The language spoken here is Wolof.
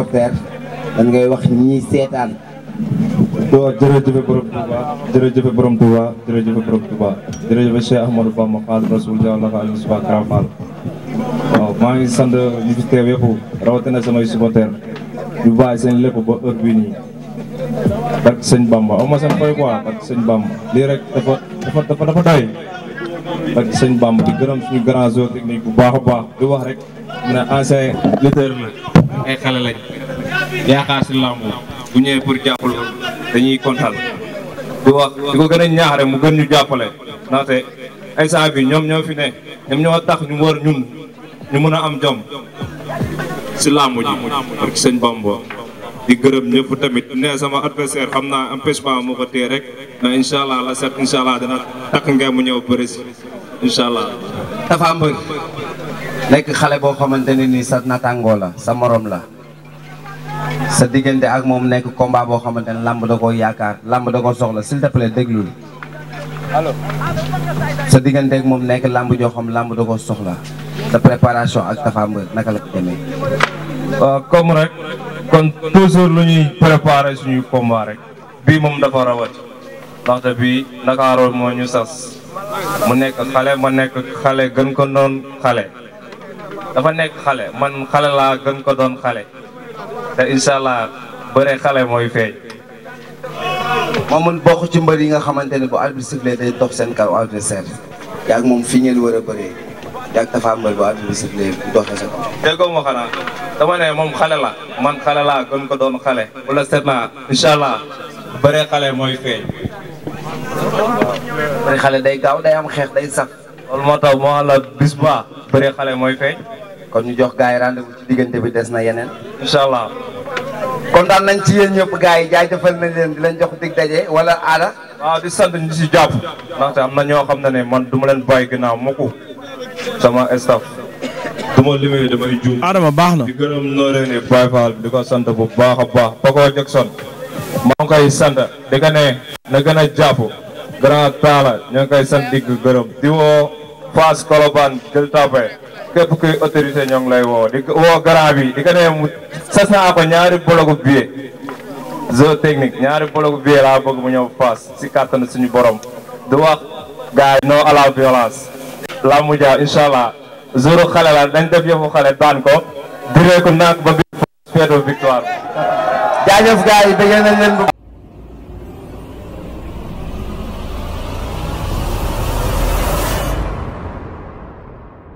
noppère dañ ngay wax ñii seetaan. waaw jërëjëf borom Touba jërëjëf borom Touba jërëjëf borom Touba jërëjëf Cheikh Ahmadou Bamba Xaadimu Rasuul Jalla Xaadimu Mustafa Karam Fall ngi sant ñi fi teew yëpp rawatina samay supporter ñu bàyyi seen lépp ba heure bii nii barke sëñ Bamba aw ma seen fay quoi barke Bamba lii rek dafa dafa dafa dafa doy barke Bamba di gërëm suñu grand jour technique bu baax a baax di wax rek mu ne ancien lutteur la ay xale lañ si làmb bu ñëwee pour jàppale dañuy kontal di ko gën a ñaax rek mu gën ñu jàppale ndaxte ay saa bi ñoom ñoo fi ne ñoom ñoo tax ñu war ñun ñu mën a am jom si làmb ji ak sëñ Bamba di gërëm ñëpp tamit ne sama adversaire xam naa empêchement moo ko téye rek na incha allah la set incha allah dana takk ngeen mu ñëw bëri incha allah. mbër nekk xale boo xamante ne nii sa nattangoo la sa morom la sa diggante ak moom nekk combat boo xamante ne làmb da koo yaakaar làmb da koo soxla s'il te diggante moom nekk làmb joo xam làmb préparation ak Tapha Mbeur naka la ko demee. waaw euh, comme rek kon toujours lu ñuy préparer suñuy combat rek bii moom dafa rawat ndaxte bii Ndakaaru moo ñu sas. mu nekk xale ma nekk xale gën ko doon xale dafa nekk xale man xale la gën ko doon xale te incha bare bëre xale mooy feeñ moom mun bokk ci mbër yi nga xamante ne bu arbitre sifflé day dox seen kaw adversaire yaag moom fi ngeen war a bëree yaag dafa mbër bu arbitre sifflé doxee sa kaw déggoo ma xanaa dama ne moom xale la man xale laa gën ko doon xale bu la seet naa incha allah bëre xale mooy feeñ bëri xale day gaaw day am xeex day sax loolu moo tax moo la bis ba bëri xale mooy feeñ kon ñu jox gars yi rendez-vous ci diggante bi des na yeneen incha allah kontaan nañ ci yéen ñëpp gars yi jaajëfal nañ leen di leen jox dig daje wala aada waaw di sant ñu si jàpp ndaxte am na ñoo xam ne ne man du leen bàyyi ginnaaw mukk sama staff du ma limee damay juum adama baax na di gërëm nooree ni Baye Fall di bu baax a baax Paco Jackson maa koy sant di na gën a jàpp grand taala ñoo ngi koy sant digg gërëm di woo Fass Colobane Gueule Tapée képp kuy autorité ñoo lay woo di woo grand bi di ko nee mu sas ko ñaari bologu billet zo technique ñaari bologu billet la bëgg mu ñëw Fass si kàttan suñu borom di wax gars yi non la violence la mu jaaw incha allah joru xale la dañ def yëfu xale daan ko direeku naak ba bi feetu victoire jaajëf gars yi bëgg nañ leen